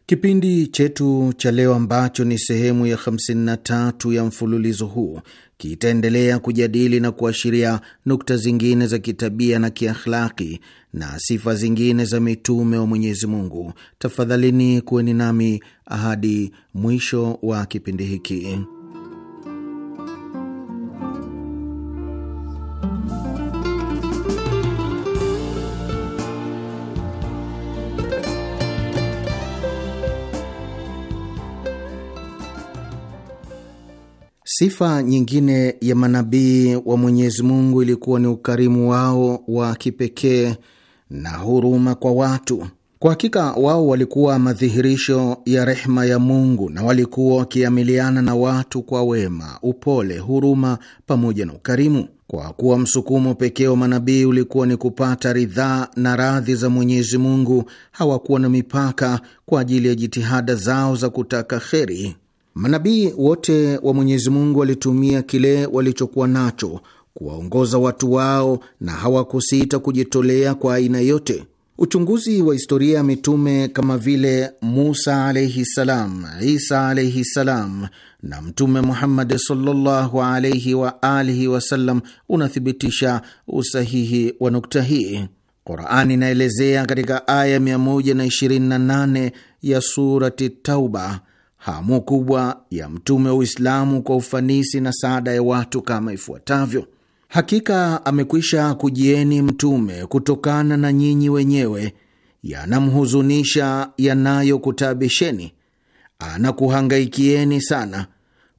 Kipindi chetu cha leo ambacho ni sehemu ya 53 ya mfululizo huu kitaendelea kujadili na kuashiria nukta zingine za kitabia na kiakhlaki na sifa zingine za mitume wa Mwenyezi Mungu. Tafadhalini kuweni nami ahadi mwisho wa kipindi hiki. Sifa nyingine ya manabii wa Mwenyezi Mungu ilikuwa ni ukarimu wao wa kipekee na huruma kwa watu. Kwa hakika wao walikuwa madhihirisho ya rehma ya Mungu na walikuwa wakiamiliana na watu kwa wema, upole, huruma pamoja na ukarimu. Kwa kuwa msukumo pekee wa manabii ulikuwa ni kupata ridhaa na radhi za Mwenyezi Mungu, hawakuwa na mipaka kwa ajili ya jitihada zao za kutaka kheri. Manabii wote wa Mwenyezi Mungu walitumia kile walichokuwa nacho kuwaongoza watu wao na hawakusita kujitolea kwa aina yote. Uchunguzi wa historia ya mitume kama vile Musa alaihi salam, Isa alaihi salam na Mtume Muhammad sallallahu alaihi wa alihi wasallam unathibitisha usahihi wa nukta hii. Qurani inaelezea katika aya 128 ya Surati Tauba hamu kubwa ya mtume wa Uislamu kwa ufanisi na saada ya watu kama ifuatavyo: hakika amekwisha kujieni mtume kutokana na nyinyi wenyewe, yanamhuzunisha yanayokutabisheni, anakuhangaikieni sana.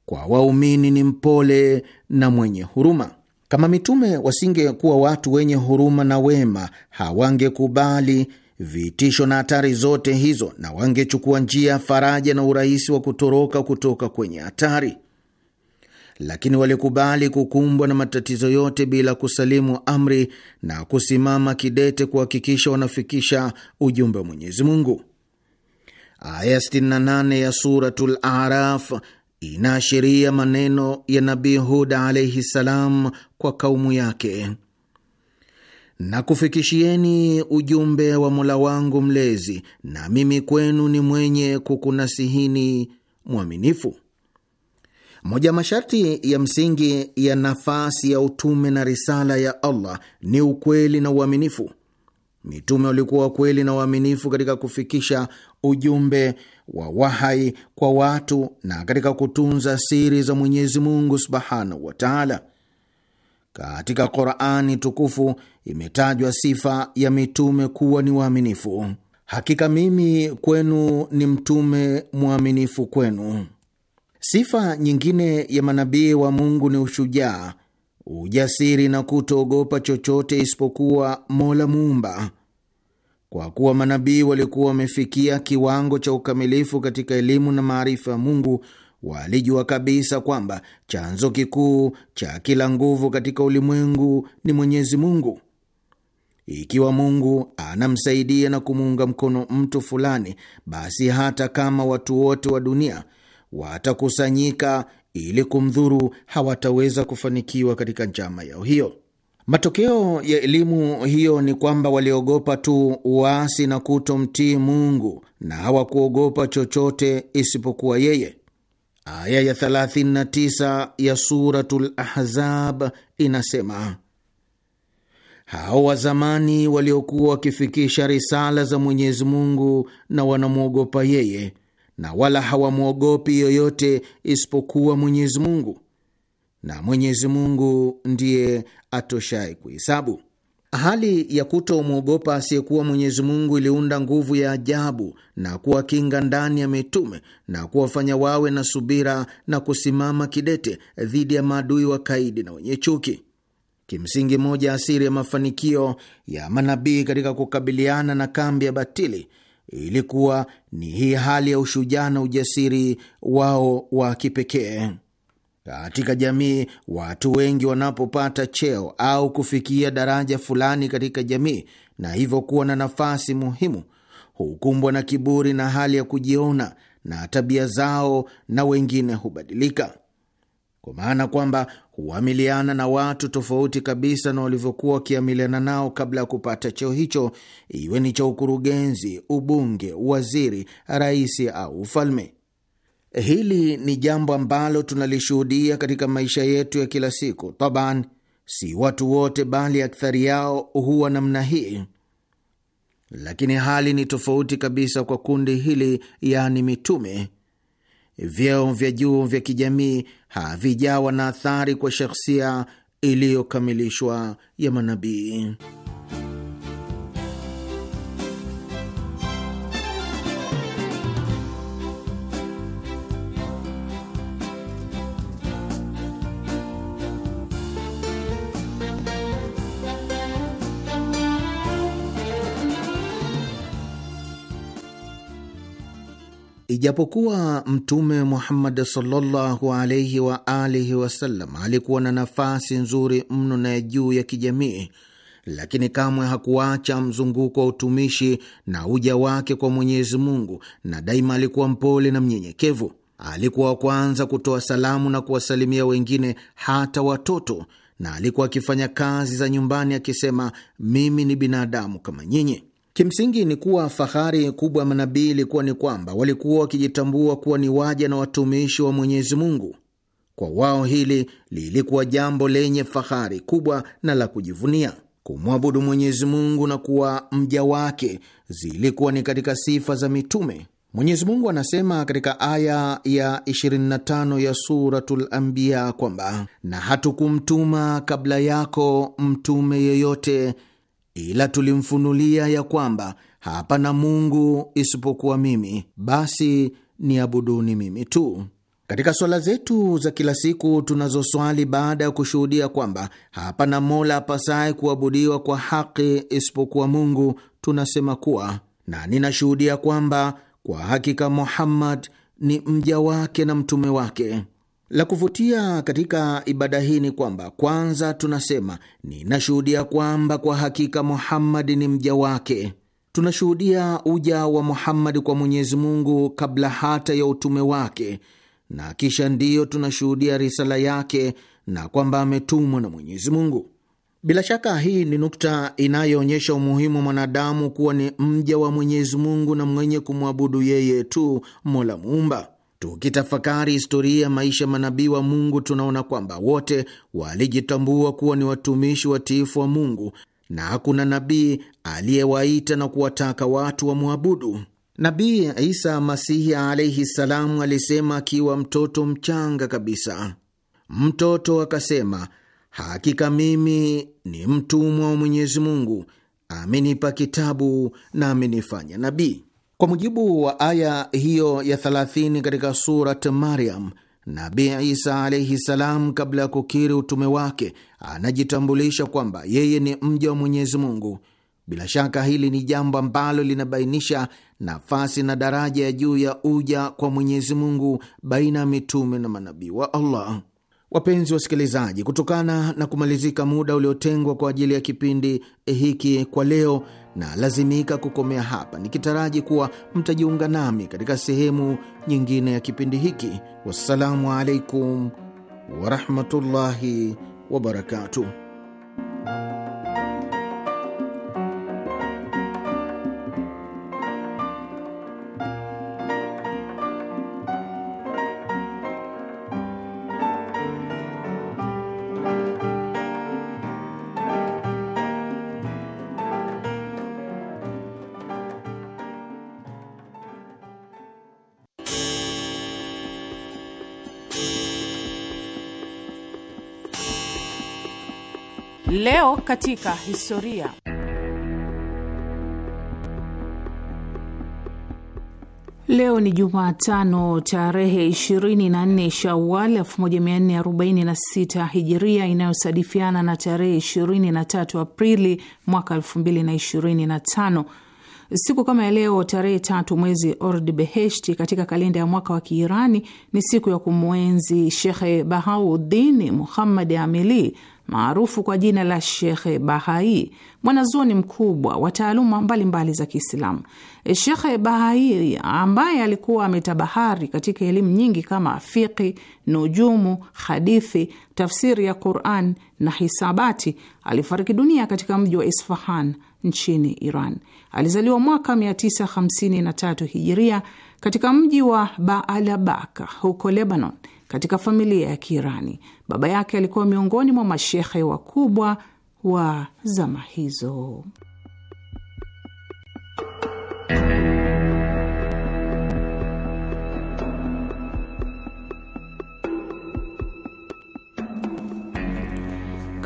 Kwa waumini ni mpole na mwenye huruma. Kama mitume wasingekuwa watu wenye huruma na wema, hawangekubali vitisho na hatari zote hizo, na wangechukua njia faraja na urahisi wa kutoroka kutoka kwenye hatari, lakini walikubali kukumbwa na matatizo yote bila kusalimu amri na kusimama kidete kuhakikisha wanafikisha ujumbe wa Mwenyezi Mungu. Aya 68 ya Suratul Araf inaashiria maneno ya Nabii Hud alaihi salam kwa kaumu yake na kufikishieni ujumbe wa Mola wangu Mlezi, na mimi kwenu ni mwenye kukunasihini mwaminifu. Moja masharti ya msingi ya nafasi ya utume na risala ya Allah ni ukweli na uaminifu. Mitume walikuwa wakweli na waaminifu katika kufikisha ujumbe wa wahai kwa watu na katika kutunza siri za Mwenyezi Mungu subhanahu wa taala. Katika Qurani tukufu imetajwa sifa ya mitume kuwa ni waaminifu. Hakika mimi kwenu ni mtume mwaminifu kwenu. Sifa nyingine ya manabii wa Mungu ni ushujaa, ujasiri na kutoogopa chochote isipokuwa Mola Muumba. Kwa kuwa manabii walikuwa wamefikia kiwango cha ukamilifu katika elimu na maarifa ya Mungu, walijua kabisa kwamba chanzo kikuu cha kila nguvu katika ulimwengu ni Mwenyezi Mungu. Ikiwa Mungu anamsaidia na kumuunga mkono mtu fulani, basi hata kama watu wote wa dunia watakusanyika ili kumdhuru, hawataweza kufanikiwa katika njama yao hiyo. Matokeo ya elimu hiyo ni kwamba waliogopa tu uasi na kutomtii Mungu na hawakuogopa chochote isipokuwa yeye. Aya ya 39 ya Suratul Ahzab inasema hao wa zamani waliokuwa wakifikisha risala za Mwenyezi Mungu na wanamwogopa yeye na wala hawamwogopi yoyote isipokuwa Mwenyezi Mungu, na Mwenyezi Mungu ndiye atoshai kuhesabu. Hali ya kutomwogopa asiyekuwa Mwenyezi Mungu iliunda nguvu ya ajabu na kuwakinga ndani ya mitume na kuwafanya wawe na subira na kusimama kidete dhidi ya maadui wa kaidi na wenye chuki. Kimsingi, moja asiri ya mafanikio ya manabii katika kukabiliana na kambi ya batili ilikuwa ni hii hali ya ushujaa na ujasiri wao wa kipekee. Katika jamii, watu wengi wanapopata cheo au kufikia daraja fulani katika jamii na hivyo kuwa na nafasi muhimu, hukumbwa na kiburi na hali ya kujiona, na tabia zao na wengine hubadilika, kwa maana kwamba huamiliana na watu tofauti kabisa na walivyokuwa wakiamiliana nao kabla ya kupata cheo hicho, iwe ni cha ukurugenzi, ubunge, waziri, rais au ufalme. Hili ni jambo ambalo tunalishuhudia katika maisha yetu ya kila siku. Taban, si watu wote, bali akthari yao huwa namna hii, lakini hali ni tofauti kabisa kwa kundi hili, yaani mitume. Vyeo vya juu vya kijamii havijawa na athari kwa shakhsia iliyokamilishwa ya manabii. Ijapokuwa Mtume Muhammad sallallahu alaihi wa alihi wasallam alikuwa na nafasi nzuri mno na ya juu ya kijamii, lakini kamwe hakuacha mzunguko wa utumishi na uja wake kwa Mwenyezi Mungu, na daima alikuwa mpole na mnyenyekevu. Alikuwa wa kwanza kutoa salamu na kuwasalimia wengine, hata watoto, na alikuwa akifanya kazi za nyumbani akisema, mimi ni binadamu kama nyinyi. Kimsingi ni kuwa fahari kubwa ya manabii ilikuwa ni kwamba walikuwa wakijitambua kuwa ni waja na watumishi wa Mwenyezi Mungu. Kwa wao hili lilikuwa jambo lenye fahari kubwa na la kujivunia. Kumwabudu Mwenyezi Mungu na kuwa mja wake zilikuwa ni katika sifa za mitume. Mwenyezi Mungu anasema katika aya ya 25 ya Suratul Anbiya kwamba na hatukumtuma kabla yako mtume yeyote ila tulimfunulia ya kwamba hapana Mungu isipokuwa mimi, basi niabuduni mimi tu. Katika swala zetu za kila siku tunazoswali baada ya kushuhudia kwamba hapana mola apasaye kuabudiwa kwa haki isipokuwa Mungu, tunasema kuwa na ninashuhudia kwamba kwa hakika Muhammad ni mja wake na mtume wake. La kuvutia katika ibada hii ni kwamba kwanza tunasema ninashuhudia kwamba kwa hakika Muhammad ni mja wake. Tunashuhudia uja wa Muhammad kwa Mwenyezi Mungu kabla hata ya utume wake, na kisha ndiyo tunashuhudia risala yake na kwamba ametumwa na Mwenyezi Mungu. Bila shaka hii ni nukta inayoonyesha umuhimu mwanadamu kuwa ni mja wa Mwenyezi Mungu na mwenye kumwabudu yeye tu, Mola Muumba. Tukitafakari historia ya maisha ya manabii wa Mungu, tunaona kwamba wote walijitambua kuwa ni watumishi watiifu wa Mungu na hakuna nabii aliyewaita na kuwataka watu wa mwabudu Nabii Isa Masihi alaihi salamu alisema akiwa mtoto mchanga kabisa. Mtoto akasema, hakika mimi ni mtumwa wa Mwenyezi Mungu, amenipa kitabu na amenifanya nabii. Kwa mujibu wa aya hiyo ya 30 katika Surat Maryam, Nabi Isa alaihi salam, kabla ya kukiri utume wake, anajitambulisha kwamba yeye ni mja wa Mwenyezi Mungu. Bila shaka hili ni jambo ambalo linabainisha nafasi na daraja ya juu ya uja kwa Mwenyezi Mungu baina ya mitume na manabii wa Allah. Wapenzi wasikilizaji, kutokana na kumalizika muda uliotengwa kwa ajili ya kipindi eh, hiki kwa leo, na lazimika kukomea hapa, nikitaraji kuwa mtajiunga nami katika sehemu nyingine ya kipindi hiki. Wassalamu alaikum warahmatullahi wabarakatuh. katika historia. Leo ni Jumatano tarehe 24 Shawal 1446 Hijiria, inayosadifiana na tarehe 23 Aprili mwaka 2025. Siku kama ya leo tarehe tatu mwezi ord Ordibeheshti katika kalenda ya mwaka wa Kiirani ni siku ya kumwenzi Shekhe Bahauddin Muhammad Amili maarufu kwa jina la Shekhe Bahai, mwanazuoni mkubwa wa taaluma mbalimbali za Kiislamu. Shekhe Bahai ambaye alikuwa ametabahari katika elimu nyingi kama fiqi nujumu, hadithi, tafsiri ya Quran na hisabati, alifariki dunia katika mji wa Isfahan nchini Iran. Alizaliwa mwaka 953 hijiria katika mji wa Baalabaka huko Lebanon, katika familia ya Kiirani. Baba yake alikuwa miongoni mwa mashehe wakubwa wa zama hizo.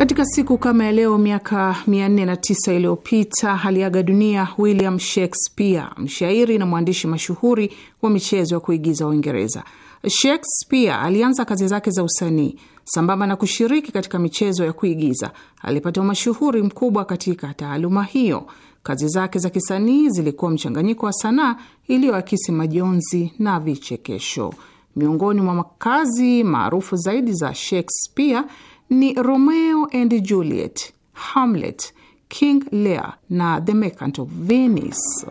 Katika siku kama ya leo miaka 409 iliyopita aliaga dunia William Shakespeare, mshairi na mwandishi mashuhuri wa michezo ya kuigiza Uingereza. Shakespeare alianza kazi zake za usanii sambamba na kushiriki katika michezo ya kuigiza. Alipata umashuhuri mkubwa katika taaluma hiyo. Kazi zake za kisanii zilikuwa mchanganyiko wa sanaa iliyoakisi majonzi na vichekesho. Miongoni mwa kazi maarufu zaidi za Shakespeare ni Romeo and Juliet, Hamlet, King Lear na The Merchant of Venice.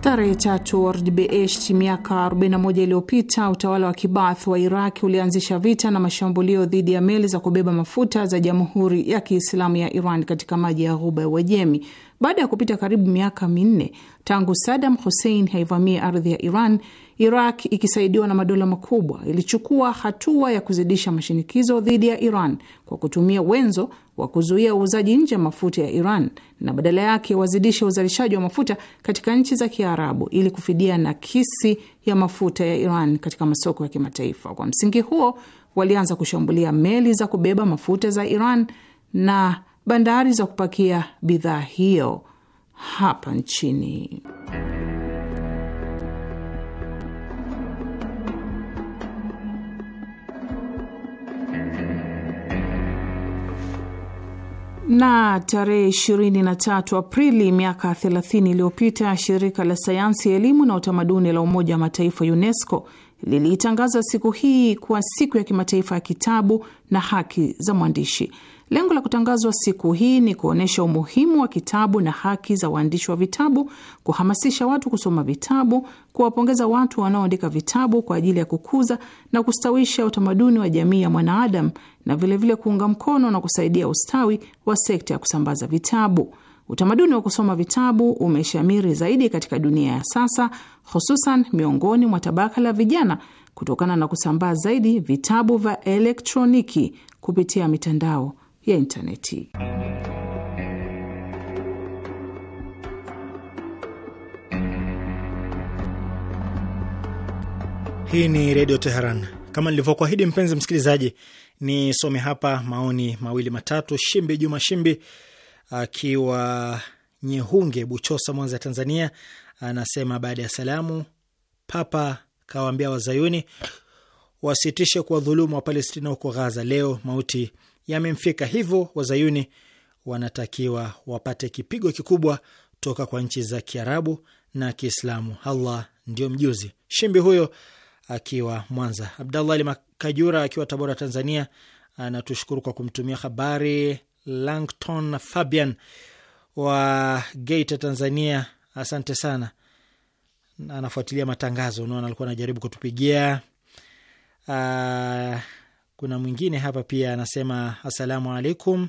Tarehe tatu Ordibehesht miaka 41 iliyopita utawala wa Kibath wa Iraq ulianzisha vita na mashambulio dhidi ya meli za kubeba mafuta za Jamhuri ya Kiislamu ya Iran katika maji ya Ghuba ya Uajemi. Baada ya kupita karibu miaka minne tangu Saddam Hussein haivamie ardhi ya Iran, Iraq ikisaidiwa na madola makubwa ilichukua hatua ya kuzidisha mashinikizo dhidi ya Iran kwa kutumia wenzo wa kuzuia uuzaji nje mafuta ya Iran na badala yake wazidishe uzalishaji wa mafuta katika nchi za Kiarabu ili kufidia nakisi ya mafuta ya Iran katika masoko ya kimataifa. Kwa msingi huo, walianza kushambulia meli za kubeba mafuta za Iran na bandari za kupakia bidhaa hiyo hapa nchini. Na tarehe 23 Aprili miaka 30 iliyopita, shirika la sayansi, elimu na utamaduni la Umoja wa Mataifa UNESCO liliitangaza siku hii kuwa siku ya kimataifa ya kitabu na haki za mwandishi. Lengo la kutangazwa siku hii ni kuonyesha umuhimu wa kitabu na haki za waandishi wa vitabu, kuhamasisha watu kusoma vitabu, kuwapongeza watu wanaoandika vitabu kwa ajili ya kukuza na kustawisha utamaduni wa jamii ya mwanaadam na vilevile kuunga mkono na kusaidia ustawi wa sekta ya kusambaza vitabu. Utamaduni wa kusoma vitabu umeshamiri zaidi katika dunia ya sasa, hususan miongoni mwa tabaka la vijana kutokana na kusambaa zaidi vitabu vya elektroniki kupitia mitandao ya intaneti. Hii ni Redio Teheran. Kama nilivyokuahidi, mpenzi msikilizaji Nisome hapa maoni mawili matatu. Shimbi Juma Shimbi akiwa Nyehunge, Buchosa, Mwanza, Tanzania, anasema baada ya salamu, Papa kawaambia wazayuni wasitishe kuwadhulumu palestina huko Ghaza. Leo mauti yamemfika, hivyo wazayuni wanatakiwa wapate kipigo kikubwa toka kwa nchi za Kiarabu na Kiislamu. Allah ndio mjuzi. Shimbi huyo akiwa Mwanza. Abdallah Kajura akiwa Tabora, Tanzania, anatushukuru kwa kumtumia habari. Langton Fabian wa Geita, Tanzania, asante sana, anafuatilia matangazo. Unaona, alikuwa anajaribu kutupigia. Uh, kuna mwingine hapa pia anasema asalamu alaikum,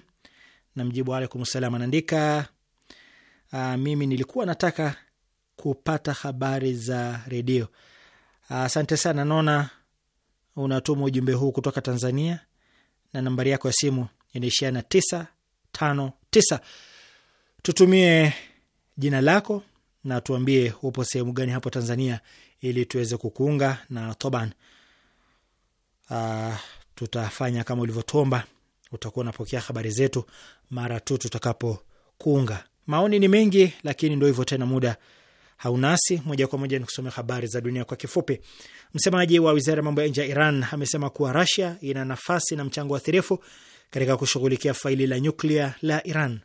namjibu alaikum salam. Anaandika uh, mimi nilikuwa nataka kupata habari za redio. Ah, asante uh, sana. Naona unatuma ujumbe huu kutoka Tanzania na nambari yako ya simu inaishia na tisa tano tisa. Tutumie jina lako na tuambie upo sehemu gani hapo Tanzania ili tuweze kukuunga na toban. Uh, ah, tutafanya kama ulivyotuomba, utakuwa unapokea habari zetu mara tu tutakapo kuunga. Maoni ni mengi, lakini ndo hivyo tena, muda haunasi moja kwa moja. Ni kusomea habari za dunia kwa kifupi. Msemaji wa wizara ya mambo ya nje ya Iran amesema kuwa Rasia ina nafasi na mchango athirifu katika kushughulikia faili la nyuklia la Iran.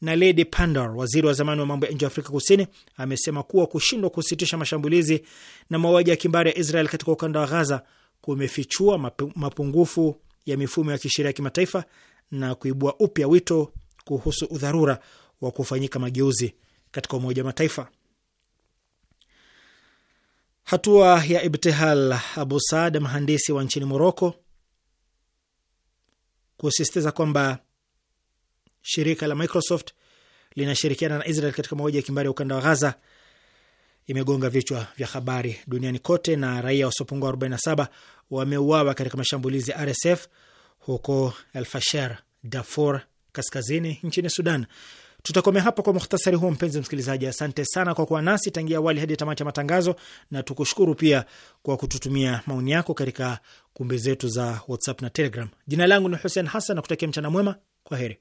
Na Ledi Pandor, waziri wa zamani wa mambo ya nje ya Afrika Kusini, amesema kuwa kushindwa kusitisha mashambulizi na mauaji ya kimbari ya Israel katika ukanda wa Ghaza kumefichua mapungufu ya mifumo ya kisheria ya kimataifa na kuibua upya wito kuhusu udharura wa kufanyika mageuzi katika Umoja wa Mataifa. Hatua ya Ibtihal Abu Saad, mhandisi wa nchini Moroko, kusisitiza kwamba shirika la Microsoft linashirikiana na Israel katika mauaji ya kimbari ya ukanda wa Ghaza imegonga vichwa vya habari duniani kote, na raia wasiopungua 47 wameuawa katika mashambulizi ya RSF huko Elfasher, dafor Darfur Kaskazini, nchini Sudan. Tutakomea hapa kwa muhtasari huo, mpenzi msikilizaji. Asante sana kwa kuwa nasi tangia awali hadi tamati ya matangazo, na tukushukuru pia kwa kututumia maoni yako katika kumbi zetu za WhatsApp na Telegram. Jina langu ni Hussein Hassan na kutakia mchana mwema. Kwa heri.